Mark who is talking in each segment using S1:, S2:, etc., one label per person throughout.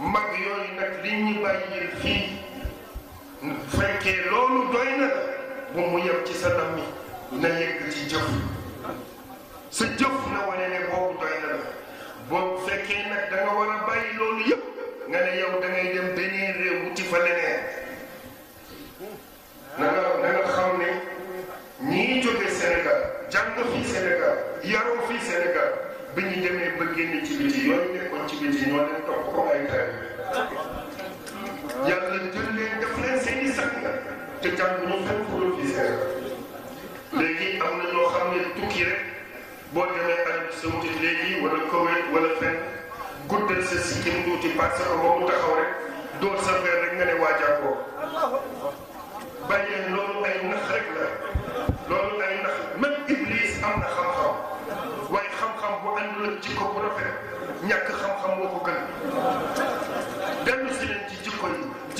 S1: mag yooyu nag li ñu bàyyi fii fekkee loolu doy na bu mu yem ci sa dam mi na yegg ci jëf sa jëf na wane ne boobu doy na la boobu fekkee nag da nga war loolu yëpp nga ne yow da dem beneen réew wuti fa leneen na nga xam ne ñii jóge Sénégal jàng fii Sénégal yaroo fii Sénégal bi ñu demee ba génn ci biti yooyu nekkoon ci biti ñoo leen topp ko ay taal yàlla jël leen def leen seen i sang te jàng ñu fenn professeur léegi am na ñoo xam ne tukki rek boo demee Arabie Saoudite léegi wala Koweït wala fenn guddal sa sikkim tuuti parce que boo mu taxaw rek door sa verre rek nga ne waajaa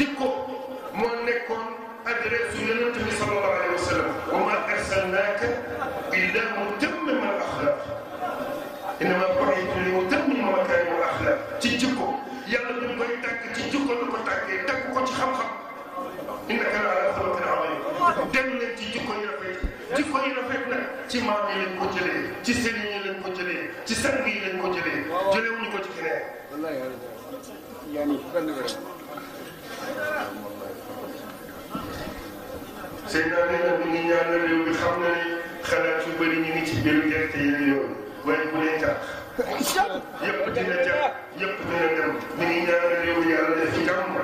S1: jikko moo nekkoon adresse su yonent bi sallallahu alayhi wa sallam wa ma arsalnaaka illa mutammima al axlaq innama bu'itu li utammima makaarima al axlaq ci jikko yàlla ñu koy tàkk ci ko tàkkee ko ci xam-xam innaka la ala ci jikko yi rafet jikko yi rafet ci maam yi ko jëlee ci sëriñ yi lañ ko jëlee ci sang yi lañ ko jëlee jëlewuñu ko ci sëñ naa ne nag ñu ngi ñaanal réew bi xam na ne xalaat yu bëri ñu ngi ci biiru gerte yi ñu yoon waaye bu dee tax yëpp dina jàpp yëpp dina dem ñu ngi ñaanal réew yàlla def ci jàmm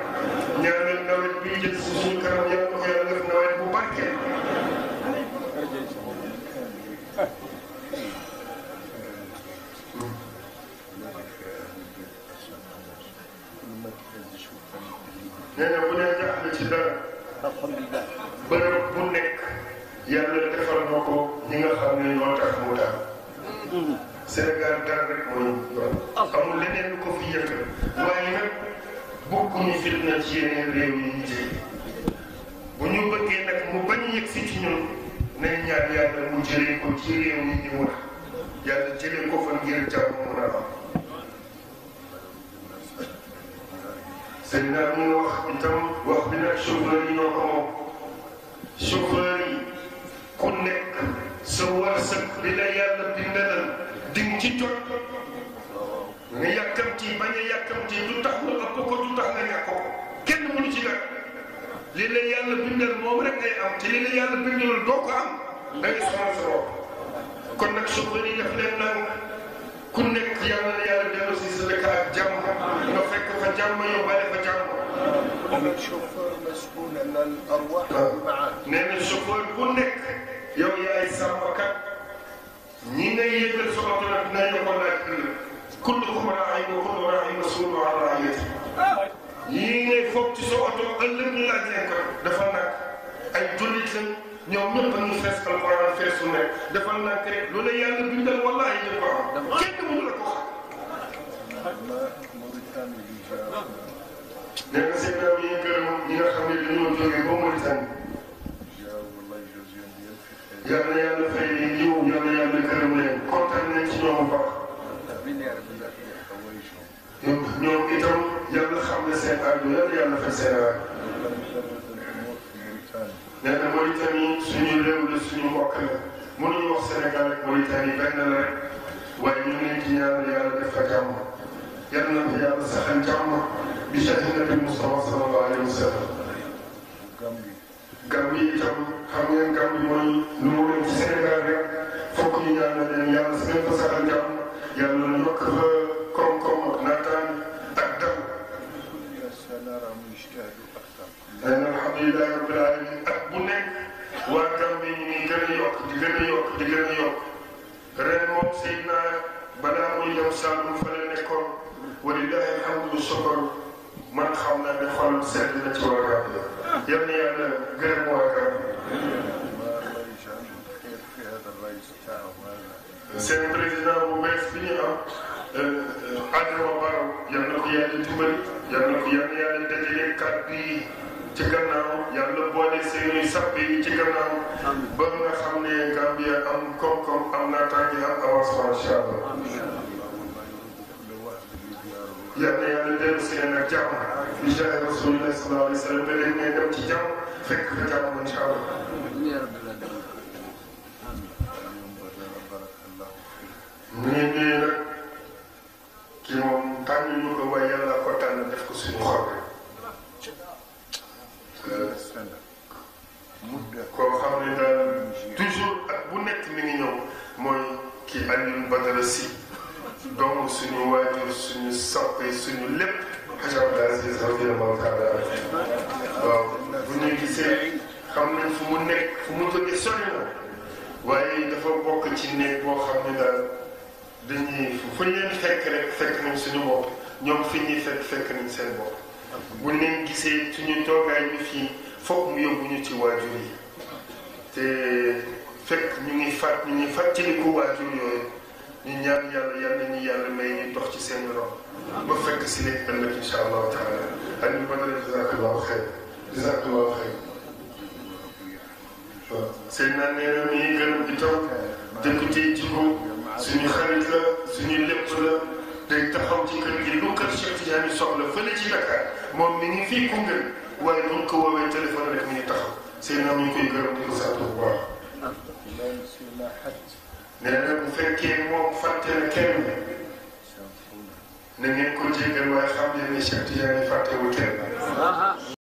S1: ne bu dee jàpp na ci dara. alhamdulilah. bërëb bu nekk. yàlla defal na ko ñi nga xam ne ñoo tax mu daal. Hmm. Sénégal daal rek mooy. amul leneen lu ko fi yëkkal. waaye nag bokkuñu fitna ci yeneen réew yi ñu jëlee. bu ñu bëggee nag mu bañ yëg si ci ñun. nañ ñaan yàlla mu jëlee ko ci réew yi wax. yàlla jëlee ko fa ngir jàmm mu te dinaa mën a wax itam wax bi nag chauffeur yi ñoo ko moom chauffeur yi ku nekk sa wërsëg bi la yàlla bindalal di nga ci jot nga yàkkamti bañ a yàkkamti du tax nga ëpp ko du tax nga ñàkk ko kenn mënu ci nag li la yàlla bindal moom rek ngay am te li la yàlla bindalul doo ko am da ngay sonal sa bopp kon nag chauffeur yi daf leen nag ku nekk yàlla na yàlla dellu si sa dëkk ak jàmm jàmm yóbbaale fa jàmm. Ah. nee na chauffeur bu nekk yow yaay sàmmkat ñi ngay yëgal sa bopp nag dinañ la ko laaj kullukum raa'in wa kullu raa'in mas'uulun 'an ra'iyyatihi yii ngay foog ci sa oto ëllëg ñu laaj leen ko dafa nag ay jullit lañ ñoom ñëpp dañu fees alquran fees su nekk dafa nag rek lu la yàlla bindal wallaahi ñu ko xam kenn mënu la ko xam nee na Seydina mi ngi gërëm ñi nga xam ne dañoo jógee ba Mauritanie. yàlla na yàlla fay leen yiw yàlla yàlla gërëm leen kontaan nañ ci ñoom bu baax. ñoom ñoom itam yàlla xam ne seen aajo yàlla yàlla fay seen aajo. nee na Mauritanie suñu réew la suñu mbokk la mënuñu wax Sénégal ak Mauritanie benn la rek waaye ñu ngi leen di ñaanal yàlla def fa jàmm. yal na ko yàlla saxal jàmm bi cheikh nabi Mustafa sallallahu alayhi wa sallam gam yi itam xam ngeen gam bi mooy nu mu leen ci Sénégal rek fokk ñu ñaanal leen yàlla si ko saxal jàmm yàlla na yokk fa koom-koom ak naataan ak dal nee na alhamdulilah rabbil alamin ak bu nekk waa gam bi ñu ngi gën a yokk di gën a yokk di gën a yokk ren moom Seydina balaa muy dem Saalum fële walillahi alhamdu shukr man xam naa ne xol sedd na ci waa Gambia yal na yàlla gërëm waa Gambia seen président bu bees bi ñu am euh, Adama Barrow yal na ko yàlla dimbali yal na ko yal na yàlla dajale kàddu yi ci gannaaw yàlla boole seeni sàpp yi ci gannaaw ba nga xam ne Gambia am koom-koom am naa bi jaay rasulillah sallallahu alayhi wa sallam dañ ngay dem ci jàmm fekk fa jàmm incha allah. ñu ngi nii nag ki moom tànn ñu ko waaye yàlla ko tànn def ko suñu xol. koo xam ne toujours ak bu nekk mi ngi mooy ki Alioune Badara Sy doomu suñu waajur suñu soppe suñu lépp. Hadj Abdoul Aziz radiyallahu xam nañ fu mu nekk fu mu jóge sori waaye dafa bokk ci néeg boo xam ne daal dañuy fu leen fekk rek fekk nañ suñu bopp ñoom fi ñuy fekk fekk nañ seen bopp bu leen gisee suñu toogaay ñu fii foog mu yóbbu ñu ci waajur yi te fekk ñu ngi fàtt ñu ngi fàttaliku waajur yooyu ñu ñaan yàlla yal nañu yàlla may ñu dox ci seen ron ba fekk si leen ëllëg incha allahu taala ak ñu mën a def jazakallahu xeyr jazakallahu xeyr waaw seen naan nee na mi ngi gërëm itam député jiko suñu xarit la suñu lépp la day taxaw ci kër gi lu kër Cheikh Tidiane soxla fële ci Dakar moom mi ngi fii Koungheul waaye bu ñu ko woowee téléphone mi ngi taxaw seen naan ñu koy gërëm di ko sant nee na bu moom fàtte na kenn na ngeen ko jéggal waaye xam leen ne Cheikh Tidiane fàttewul kenn